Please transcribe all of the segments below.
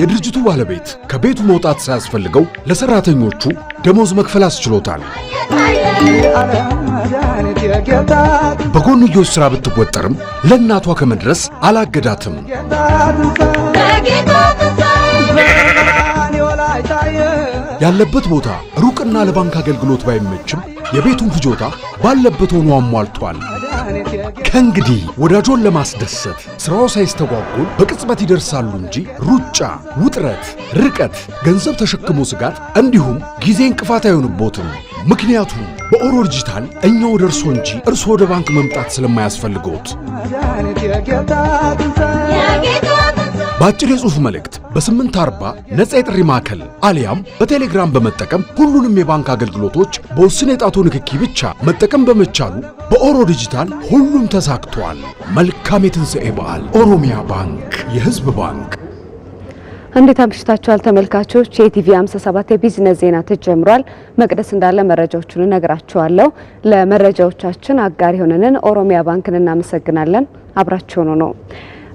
የድርጅቱ ባለቤት ከቤቱ መውጣት ሳያስፈልገው ለሰራተኞቹ ደሞዝ መክፈል አስችሎታል። በጎንዮሽ ሥራ ብትወጠርም ለእናቷ ከመድረስ አላገዳትም። ያለበት ቦታ ሩቅና ለባንክ አገልግሎት ባይመችም የቤቱን ፍጆታ ባለበት ሆኖ አሟልቷል። ከእንግዲህ ወዳጆን ለማስደሰት ስራው ሳይስተጓጎል በቅጽበት ይደርሳሉ እንጂ ሩጫ፣ ውጥረት፣ ርቀት፣ ገንዘብ ተሸክሞ ስጋት እንዲሁም ጊዜ እንቅፋት አይሆንቦትም። ምክንያቱም በኦሮ ዲጂታል እኛ ወደ እርሶ እንጂ እርሶ ወደ ባንክ መምጣት ስለማያስፈልገውት በአጭር የጽሑፍ መልእክት በ840 ነፃ የጥሪ ማዕከል አሊያም በቴሌግራም በመጠቀም ሁሉንም የባንክ አገልግሎቶች በውስን የጣቶ ንክኪ ብቻ መጠቀም በመቻሉ በኦሮ ዲጂታል ሁሉም ተሳክቷል። መልካም የትንሣኤ በዓል። ኦሮሚያ ባንክ፣ የህዝብ ባንክ። እንዴት አምሽታችኋል ተመልካቾች? የኢቲቪ 57 የቢዝነስ ዜና ተጀምሯል። መቅደስ እንዳለ መረጃዎቹን እነግራችኋለሁ። ለመረጃዎቻችን አጋር የሆነንን ኦሮሚያ ባንክን እናመሰግናለን። ሆኖ ነው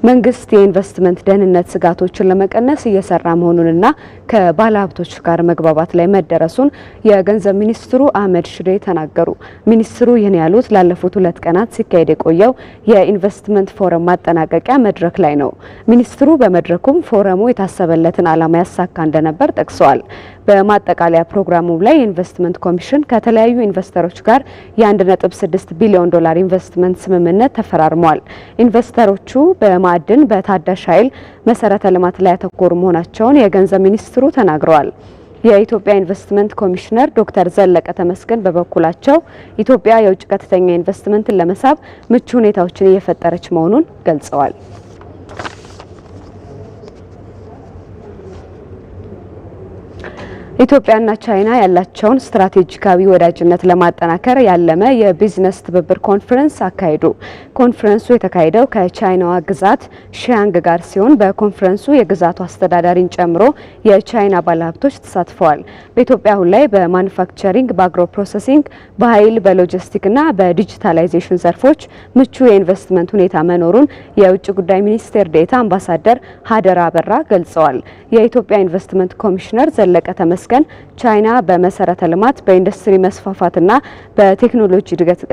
መንግስት የኢንቨስትመንት ደህንነት ስጋቶችን ለመቀነስ እየሰራ መሆኑንና ከባለሀብቶች ጋር መግባባት ላይ መደረሱን የገንዘብ ሚኒስትሩ አህመድ ሽዴ ተናገሩ። ሚኒስትሩ ይህን ያሉት ላለፉት ሁለት ቀናት ሲካሄድ የቆየው የኢንቨስትመንት ፎረም ማጠናቀቂያ መድረክ ላይ ነው። ሚኒስትሩ በመድረኩም ፎረሙ የታሰበለትን ዓላማ ያሳካ እንደነበር ጠቅሰዋል። በማጠቃለያ ፕሮግራሙ ላይ የኢንቨስትመንት ኮሚሽን ከተለያዩ ኢንቨስተሮች ጋር የ1.6 ቢሊዮን ዶላር ኢንቨስትመንት ስምምነት ተፈራርመዋል። ኢንቨስተሮቹ በማዕድን፣ በታዳሽ ኃይል፣ መሰረተ ልማት ላይ ያተኮሩ መሆናቸውን የገንዘብ ሚኒስትሩ ተናግረዋል። የኢትዮጵያ ኢንቨስትመንት ኮሚሽነር ዶክተር ዘለቀ ተመስገን በበኩላቸው ኢትዮጵያ የውጭ ቀጥተኛ ኢንቨስትመንትን ለመሳብ ምቹ ሁኔታዎችን እየፈጠረች መሆኑን ገልጸዋል። ኢትዮጵያና ቻይና ያላቸውን ስትራቴጂካዊ ወዳጅነት ለማጠናከር ያለመ የቢዝነስ ትብብር ኮንፈረንስ አካሄዱ። ኮንፈረንሱ የተካሄደው ከቻይናዋ ግዛት ሺያንግ ጋር ሲሆን በኮንፈረንሱ የግዛቱ አስተዳዳሪን ጨምሮ የቻይና ባለሀብቶች ተሳትፈዋል። በኢትዮጵያ አሁን ላይ በማኑፋክቸሪንግ፣ በአግሮ ፕሮሰሲንግ፣ በኃይል፣ በሎጂስቲክና በዲጂታላይዜሽን ዘርፎች ምቹ የኢንቨስትመንት ሁኔታ መኖሩን የውጭ ጉዳይ ሚኒስቴር ዴታ አምባሳደር ሀደራ አበራ ገልጸዋል። የኢትዮጵያ ኢንቨስትመንት ኮሚሽነር ዘለቀ ተመስ ተመስገን ቻይና በመሰረተ ልማት በኢንዱስትሪ መስፋፋትና በቴክኖሎጂ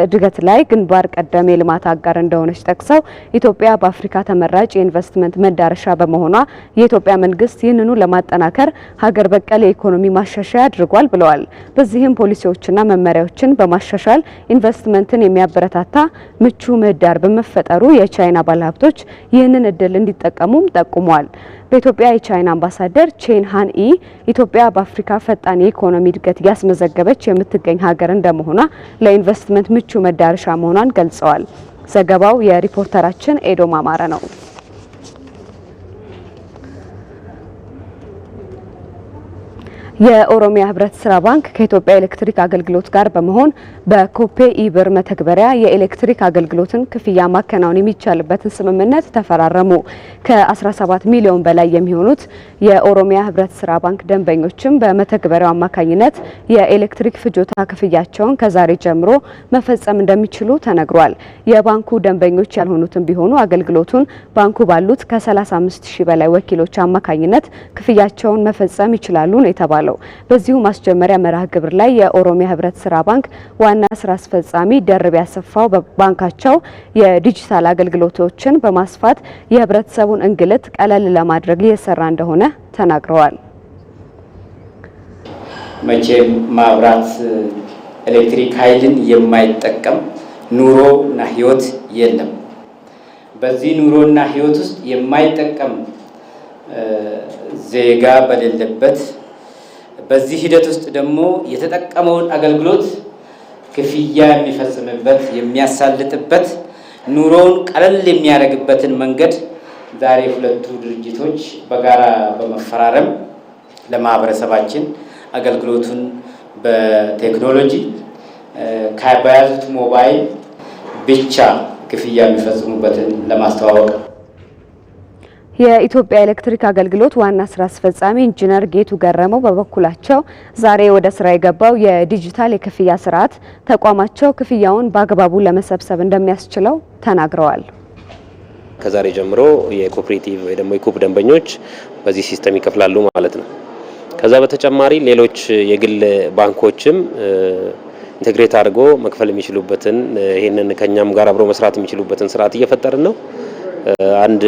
እድገት ላይ ግንባር ቀደም የልማት አጋር እንደሆነች ጠቅሰው ኢትዮጵያ በአፍሪካ ተመራጭ የኢንቨስትመንት መዳረሻ በመሆኗ የኢትዮጵያ መንግስት ይህንኑ ለማጠናከር ሀገር በቀል የኢኮኖሚ ማሻሻያ አድርጓል ብለዋል። በዚህም ፖሊሲዎችና መመሪያዎችን በማሻሻል ኢንቨስትመንትን የሚያበረታታ ምቹ ምህዳር በመፈጠሩ የቻይና ባለሀብቶች ይህንን እድል እንዲጠቀሙም ጠቁመዋል። በኢትዮጵያ የቻይና አምባሳደር ቼን ሃን ኢ ኢትዮጵያ በአፍሪካ በአፍሪካ ፈጣን የኢኮኖሚ እድገት ያስመዘገበች የምትገኝ ሀገር እንደመሆኗ ለኢንቨስትመንት ምቹ መዳረሻ መሆኗን ገልጸዋል። ዘገባው የሪፖርተራችን ኤዶም አማረ ነው። የኦሮሚያ ህብረት ስራ ባንክ ከኢትዮጵያ ኤሌክትሪክ አገልግሎት ጋር በመሆን በኮፔ ኢብር መተግበሪያ የኤሌክትሪክ አገልግሎትን ክፍያ ማከናወን የሚቻልበትን ስምምነት ተፈራረሙ። ከ17 ሚሊዮን በላይ የሚሆኑት የኦሮሚያ ህብረት ስራ ባንክ ደንበኞችም በመተግበሪያው አማካኝነት የኤሌክትሪክ ፍጆታ ክፍያቸውን ከዛሬ ጀምሮ መፈጸም እንደሚችሉ ተነግሯል። የባንኩ ደንበኞች ያልሆኑትም ቢሆኑ አገልግሎቱን ባንኩ ባሉት ከ35 ሺህ በላይ ወኪሎች አማካኝነት ክፍያቸውን መፈጸም ይችላሉ ነው የተባለው። ነው። በዚሁ ማስጀመሪያ መርሃ ግብር ላይ የኦሮሚያ ህብረት ስራ ባንክ ዋና ስራ አስፈጻሚ ደርቤ ያሰፋው በባንካቸው የዲጂታል አገልግሎቶችን በማስፋት የህብረተሰቡን እንግልት ቀለል ለማድረግ እየሰራ እንደሆነ ተናግረዋል። መቼም ማብራት ኤሌክትሪክ ኃይልን የማይጠቀም ኑሮና ህይወት የለም። በዚህ ኑሮና ህይወት ውስጥ የማይጠቀም ዜጋ በሌለበት በዚህ ሂደት ውስጥ ደግሞ የተጠቀመውን አገልግሎት ክፍያ የሚፈጽምበት የሚያሳልጥበት ኑሮውን ቀለል የሚያደርግበትን መንገድ ዛሬ ሁለቱ ድርጅቶች በጋራ በመፈራረም ለማህበረሰባችን አገልግሎቱን በቴክኖሎጂ ከበያዙት ሞባይል ብቻ ክፍያ የሚፈጽሙበትን ለማስተዋወቅ የኢትዮጵያ ኤሌክትሪክ አገልግሎት ዋና ስራ አስፈጻሚ ኢንጂነር ጌቱ ገረመው በበኩላቸው ዛሬ ወደ ስራ የገባው የዲጂታል የክፍያ ስርዓት ተቋማቸው ክፍያውን በአግባቡ ለመሰብሰብ እንደሚያስችለው ተናግረዋል። ከዛሬ ጀምሮ የኮፕሬቲቭ ወይ ደግሞ የኩፕ ደንበኞች በዚህ ሲስተም ይከፍላሉ ማለት ነው። ከዛ በተጨማሪ ሌሎች የግል ባንኮችም ኢንቴግሬት አድርጎ መክፈል የሚችሉበትን ይህንን ከኛም ጋር አብሮ መስራት የሚችሉበትን ስርዓት እየፈጠርን ነው። አንድ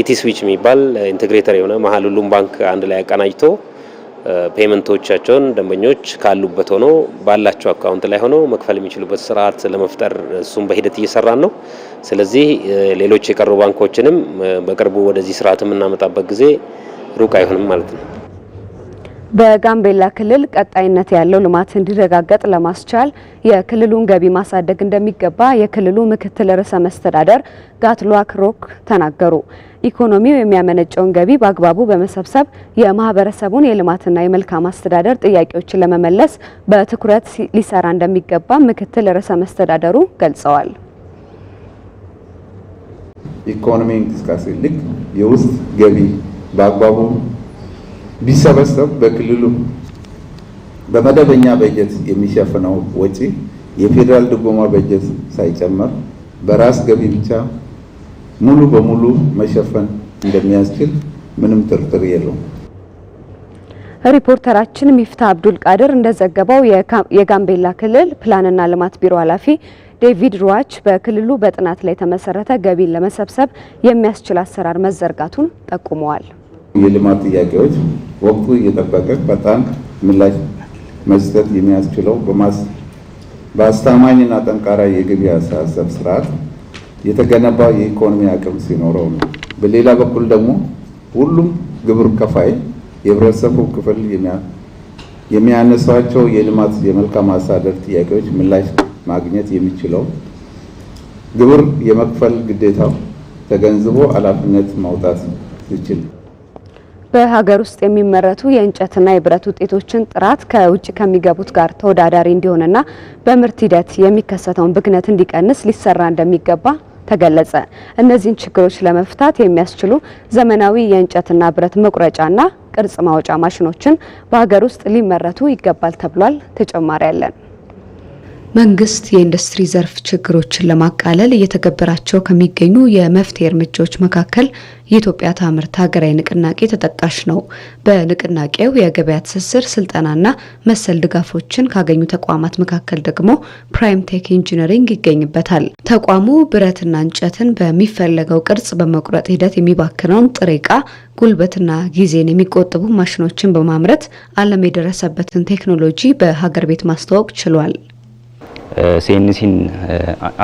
ኢቲ ስዊች የሚባል ኢንቴግሬተር የሆነ መሀል ሁሉም ባንክ አንድ ላይ አቀናጅቶ ፔመንቶቻቸውን ደንበኞች ካሉበት ሆኖ ባላቸው አካውንት ላይ ሆኖ መክፈል የሚችሉበት ስርዓት ለመፍጠር እሱም በሂደት እየሰራን ነው። ስለዚህ ሌሎች የቀሩ ባንኮችንም በቅርቡ ወደዚህ ስርዓት የምናመጣበት ጊዜ ሩቅ አይሆንም ማለት ነው። በጋምቤላ ክልል ቀጣይነት ያለው ልማት እንዲረጋገጥ ለማስቻል የክልሉን ገቢ ማሳደግ እንደሚገባ የክልሉ ምክትል ርዕሰ መስተዳደር ጋትሏክ ሮክ ተናገሩ። ኢኮኖሚው የሚያመነጨውን ገቢ በአግባቡ በመሰብሰብ የማህበረሰቡን የልማትና የመልካም አስተዳደር ጥያቄዎችን ለመመለስ በትኩረት ሊሰራ እንደሚገባ ምክትል ርዕሰ መስተዳደሩ ገልጸዋል። ኢኮኖሚ እንቅስቃሴ ልክ የውስጥ ገቢ በአግባቡ ቢሰበሰብ በክልሉ በመደበኛ በጀት የሚሸፍነው ወጪ የፌዴራል ድጎማ በጀት ሳይጨመር በራስ ገቢ ብቻ ሙሉ በሙሉ መሸፈን እንደሚያስችል ምንም ጥርጥር የለውም። ሪፖርተራችን ሚፍታ አብዱል ቃድር እንደዘገበው የጋምቤላ ክልል ፕላንና ልማት ቢሮ ኃላፊ ዴቪድ ሩዋች በክልሉ በጥናት ላይ የተመሰረተ ገቢን ለመሰብሰብ የሚያስችል አሰራር መዘርጋቱን ጠቁመዋል። የልማት ጥያቄዎች ወቅቱ እየጠበቀ ፈጣን ምላሽ መስጠት የሚያስችለው በአስተማማኝና ጠንካራ የገቢ አሰባሰብ ስርዓት የተገነባ የኢኮኖሚ አቅም ሲኖረው ነው። በሌላ በኩል ደግሞ ሁሉም ግብር ከፋይ የህብረተሰቡ ክፍል የሚያነሷቸው የልማት የመልካም አስተዳደር ጥያቄዎች ምላሽ ማግኘት የሚችለው ግብር የመክፈል ግዴታው ተገንዝቦ ኃላፊነት ማውጣት ይችል በሀገር ውስጥ የሚመረቱ የእንጨትና የብረት ውጤቶችን ጥራት ከውጭ ከሚገቡት ጋር ተወዳዳሪ እንዲሆንና በምርት ሂደት የሚከሰተውን ብክነት እንዲቀንስ ሊሰራ እንደሚገባ ተገለጸ። እነዚህን ችግሮች ለመፍታት የሚያስችሉ ዘመናዊ የእንጨትና ብረት መቁረጫና ቅርጽ ማውጫ ማሽኖችን በሀገር ውስጥ ሊመረቱ ይገባል ተብሏል። ተጨማሪ ያለን መንግስት የኢንዱስትሪ ዘርፍ ችግሮችን ለማቃለል እየተገበራቸው ከሚገኙ የመፍትሄ እርምጃዎች መካከል የኢትዮጵያ ታምርት ሀገራዊ ንቅናቄ ተጠቃሽ ነው። በንቅናቄው የገበያ ትስስር ስልጠናና መሰል ድጋፎችን ካገኙ ተቋማት መካከል ደግሞ ፕራይም ቴክ ኢንጂነሪንግ ይገኝበታል። ተቋሙ ብረትና እንጨትን በሚፈለገው ቅርጽ በመቁረጥ ሂደት የሚባክነውን ጥሬ ዕቃ ጉልበትና ጊዜን የሚቆጥቡ ማሽኖችን በማምረት ዓለም የደረሰበትን ቴክኖሎጂ በሀገር ቤት ማስተዋወቅ ችሏል። ሲኤንሲን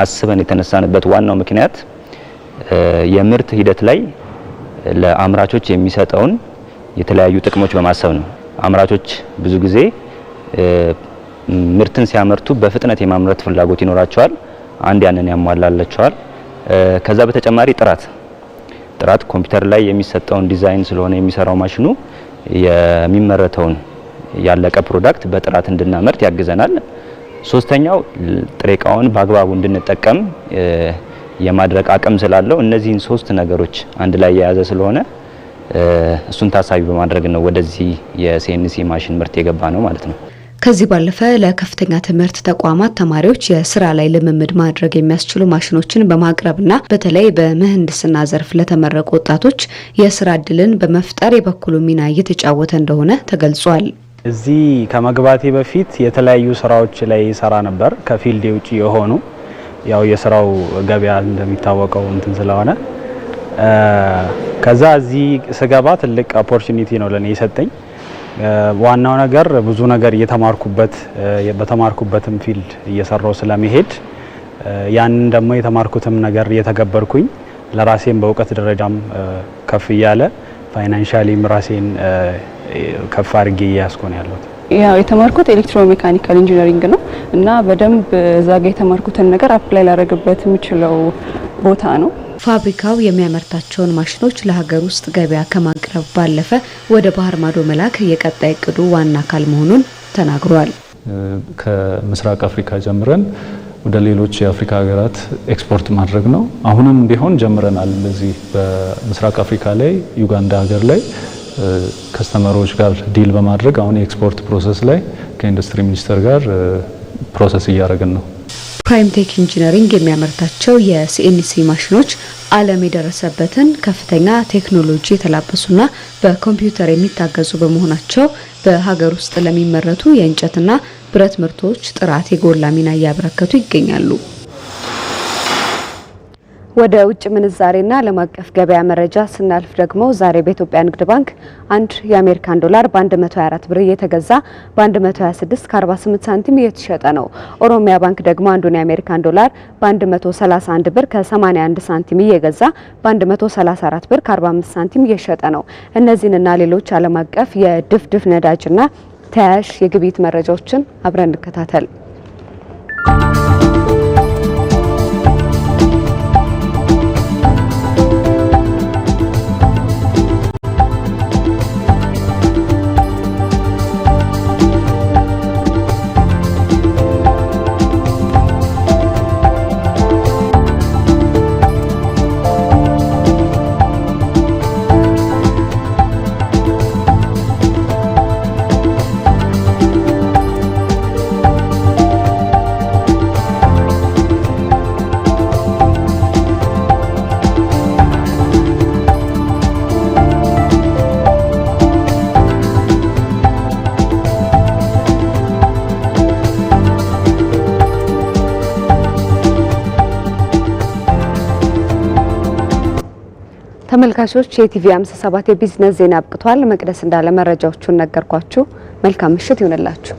አስበን የተነሳንበት ዋናው ምክንያት የምርት ሂደት ላይ ለአምራቾች የሚሰጠውን የተለያዩ ጥቅሞች በማሰብ ነው። አምራቾች ብዙ ጊዜ ምርትን ሲያመርቱ በፍጥነት የማምረት ፍላጎት ይኖራቸዋል። አንድ ያንን ያሟላላቸዋል። ከዛ በተጨማሪ ጥራት ጥራት ኮምፒውተር ላይ የሚሰጠውን ዲዛይን ስለሆነ የሚሰራው ማሽኑ የሚመረተውን ያለቀ ፕሮዳክት በጥራት እንድናመርት ያግዘናል። ሶስተኛው ጥሬ እቃውን በአግባቡ እንድንጠቀም የማድረግ አቅም ስላለው እነዚህን ሶስት ነገሮች አንድ ላይ የያዘ ስለሆነ እሱን ታሳቢ በማድረግ ነው ወደዚህ የሲኤንሲ ማሽን ምርት የገባ ነው ማለት ነው። ከዚህ ባለፈ ለከፍተኛ ትምህርት ተቋማት ተማሪዎች የስራ ላይ ልምምድ ማድረግ የሚያስችሉ ማሽኖችን በማቅረብና በተለይ በምህንድስና ዘርፍ ለተመረቁ ወጣቶች የስራ እድልን በመፍጠር የበኩሉ ሚና እየተጫወተ እንደሆነ ተገልጿል። እዚህ ከመግባቴ በፊት የተለያዩ ስራዎች ላይ ይሰራ ነበር፣ ከፊልድ ውጭ የሆኑ ያው የስራው ገበያ እንደሚታወቀው እንትን ስለሆነ ከዛ እዚህ ስገባ ትልቅ ኦፖርቹኒቲ ነው ለኔ የሰጠኝ። ዋናው ነገር ብዙ ነገር እየተማርኩበት በተማርኩበትም ፊልድ እየሰራው ስለመሄድ ያንን ደግሞ የተማርኩትም ነገር እየተገበርኩኝ ለራሴም በእውቀት ደረጃም ከፍ እያለ ፋይናንሻሊም ራሴን ከፍ አድርጌ እያያዝኩ ነው ያለሁት። ያው የተማርኩት ሜካኒካል ኢንጂነሪንግ ነው እና በደንብ እዛ ጋ የተማርኩትን ነገር አፕላይ ላደረግበት የምችለው ቦታ ነው። ፋብሪካው የሚያመርታቸውን ማሽኖች ለሀገር ውስጥ ገበያ ከማቅረብ ባለፈ ወደ ባህር ማዶ መላክ የቀጣይ እቅዱ ዋና አካል መሆኑን ተናግሯል። ከምስራቅ አፍሪካ ጀምረን ወደ ሌሎች የአፍሪካ ሀገራት ኤክስፖርት ማድረግ ነው። አሁንም ቢሆን ጀምረናል። እዚህ በምስራቅ አፍሪካ ላይ ዩጋንዳ ሀገር ላይ ከስተመሮች ጋር ዲል በማድረግ አሁን የኤክስፖርት ፕሮሰስ ላይ ከኢንዱስትሪ ሚኒስቴር ጋር ፕሮሰስ እያደረግን ነው። ፕራይም ቴክ ኢንጂነሪንግ የሚያመርታቸው የሲኤንሲ ማሽኖች ዓለም የደረሰበትን ከፍተኛ ቴክኖሎጂ የተላበሱና በኮምፒውተር የሚታገዙ በመሆናቸው በሀገር ውስጥ ለሚመረቱ የእንጨትና ብረት ምርቶች ጥራት የጎላ ሚና እያበረከቱ ይገኛሉ። ወደ ውጭ ምንዛሬና ዓለም አቀፍ ገበያ መረጃ ስናልፍ ደግሞ ዛሬ በኢትዮጵያ ንግድ ባንክ አንድ የአሜሪካን ዶላር በ124 ብር እየተገዛ በ126 ከ48 ሳንቲም እየተሸጠ ነው። ኦሮሚያ ባንክ ደግሞ አንዱን የአሜሪካን ዶላር በ131 ብር ከ81 ሳንቲም እየገዛ በ134 ብር ከ45 ሳንቲም እየሸጠ ነው። እነዚህንና ሌሎች ዓለም አቀፍ የድፍድፍ ነዳጅና ተያያዥ የግብይት መረጃዎችን አብረን እንከታተል። ተመልካቾች የቲቪ 57 የቢዝነስ ዜና አብቅቷል። መቅደስ እንዳለ መረጃዎቹን ነገርኳችሁ። መልካም ምሽት ይሆንላችሁ።